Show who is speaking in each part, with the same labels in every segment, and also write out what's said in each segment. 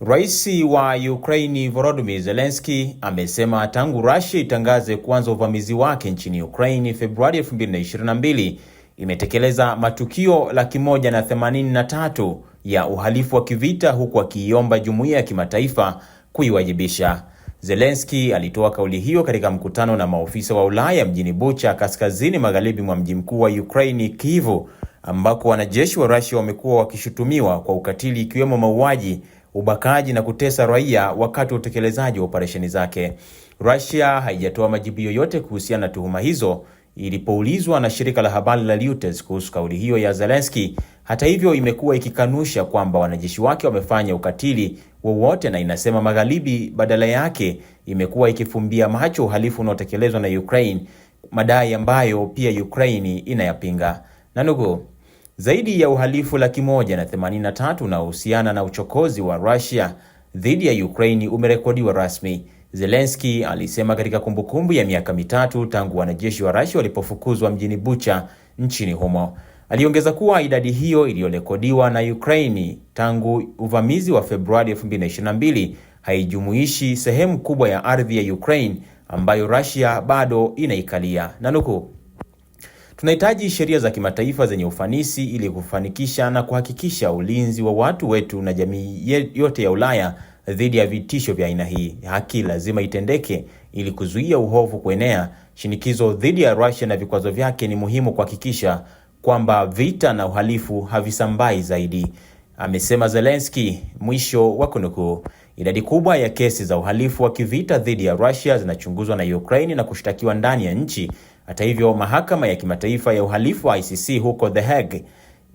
Speaker 1: Rais wa Ukraini Volodymyr Zelensky amesema tangu Russia itangaze kuanza uvamizi wake nchini Ukraini Februari 2022, imetekeleza matukio laki moja na themanini na tatu ya uhalifu wa kivita huku akiiomba jumuiya ya kimataifa kuiwajibisha. Zelensky alitoa kauli hiyo katika mkutano na maofisa wa Ulaya mjini Bucha, kaskazini magharibi mwa mji mkuu wa Ukraini, Kyiv, ambako wanajeshi wa Russia wamekuwa wakishutumiwa kwa ukatili ikiwemo mauaji ubakaji na kutesa raia wakati wa utekelezaji wa operesheni zake. Russia haijatoa majibu yoyote kuhusiana na tuhuma hizo ilipoulizwa na shirika la habari la Reuters kuhusu kauli hiyo ya Zelensky. Hata hivyo, imekuwa ikikanusha kwamba wanajeshi wake wamefanya ukatili wowote na inasema magharibi badala yake imekuwa ikifumbia macho uhalifu unaotekelezwa na Ukraine, madai ambayo pia Ukraine inayapinga. Nanuku zaidi ya uhalifu laki moja na themanini na tatu unaohusiana na uchokozi wa Russia dhidi ya Ukraine umerekodiwa rasmi, Zelensky alisema katika kumbukumbu ya miaka mitatu tangu wanajeshi wa Russia walipofukuzwa mjini Bucha nchini humo. Aliongeza kuwa idadi hiyo iliyorekodiwa na Ukraine tangu uvamizi wa Februari 2022 haijumuishi sehemu kubwa ya ardhi ya Ukraine ambayo Russia bado inaikalia. nanuku Tunahitaji sheria za kimataifa zenye ufanisi ili kufanikisha na kuhakikisha ulinzi wa watu wetu na jamii yote ya Ulaya dhidi ya vitisho vya aina hii. Haki lazima itendeke ili kuzuia uhofu kuenea. Shinikizo dhidi ya Russia na vikwazo vyake ni muhimu kuhakikisha kwamba vita na uhalifu havisambai zaidi, amesema Zelensky. Mwisho wa kunukuu. Idadi kubwa ya kesi za uhalifu wa kivita dhidi ya Russia zinachunguzwa na Ukraine na kushtakiwa ndani ya nchi. Hata hivyo, mahakama ya kimataifa ya uhalifu wa ICC huko The Hague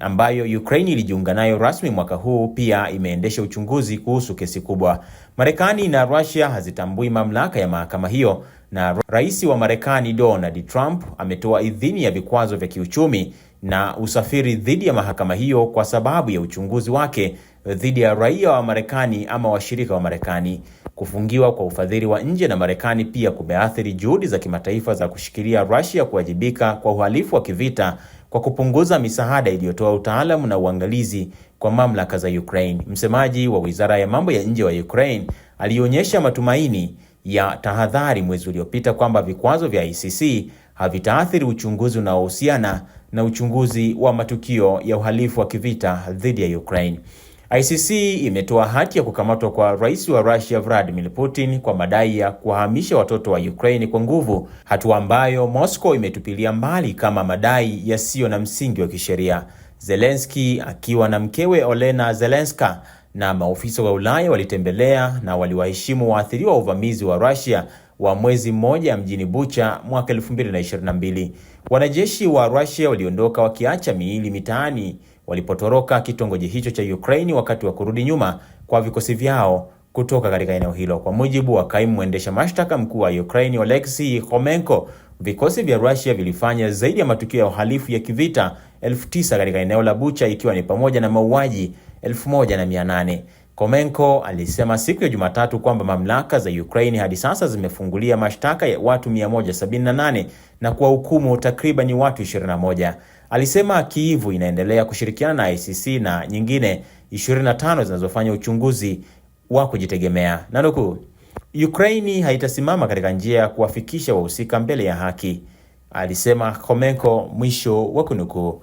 Speaker 1: ambayo Ukraine ilijiunga nayo rasmi mwaka huu pia imeendesha uchunguzi kuhusu kesi kubwa. Marekani na Russia hazitambui mamlaka ya mahakama hiyo, na Rais wa Marekani Donald Trump ametoa idhini ya vikwazo vya kiuchumi na usafiri dhidi ya mahakama hiyo kwa sababu ya uchunguzi wake dhidi ya raia wa Marekani ama washirika wa Marekani. Kufungiwa kwa ufadhili wa nje na Marekani pia kumeathiri juhudi za kimataifa za kushikilia Russia kuwajibika kwa uhalifu wa kivita kwa kupunguza misaada iliyotoa utaalamu na uangalizi kwa mamlaka za Ukraine. Msemaji wa Wizara ya Mambo ya Nje wa Ukraine alionyesha matumaini ya tahadhari mwezi uliopita kwamba vikwazo vya ICC havitaathiri uchunguzi unaohusiana na uchunguzi wa matukio ya uhalifu wa kivita dhidi ya Ukraine. ICC imetoa hati ya kukamatwa kwa Rais wa Russia Vladimir Putin kwa madai ya kuwahamisha watoto wa Ukraine kwa nguvu, hatua ambayo Moscow imetupilia mbali kama madai yasiyo na msingi wa kisheria. Zelensky akiwa na mkewe Olena Zelenska na maofisa wa Ulaya walitembelea na waliwaheshimu waathiriwa wa uvamizi wa Russia wa mwezi mmoja mjini Bucha mwaka 2022. Wanajeshi wa Russia waliondoka wakiacha miili mitaani walipotoroka kitongoji hicho cha Ukraine wakati wa kurudi nyuma kwa vikosi vyao kutoka katika eneo hilo. Kwa mujibu wa kaimu mwendesha mashtaka mkuu wa Ukraine Oleksiy Khomenko, vikosi vya Russia vilifanya zaidi ya matukio ya uhalifu ya kivita elfu tisa katika eneo la Bucha, ikiwa ni pamoja na mauaji elfu moja na mia nane. Komenko alisema siku ya Jumatatu kwamba mamlaka za Ukraine hadi sasa zimefungulia mashtaka ya watu 178 na kuwahukumu takriban watu 21. Alisema Kyiv inaendelea kushirikiana na ICC na nyingine 25 zinazofanya uchunguzi wa kujitegemea. Nanukuu, Ukraini haitasimama katika njia ya kuwafikisha wahusika mbele ya haki, alisema Komenko, mwisho wa kunukuu.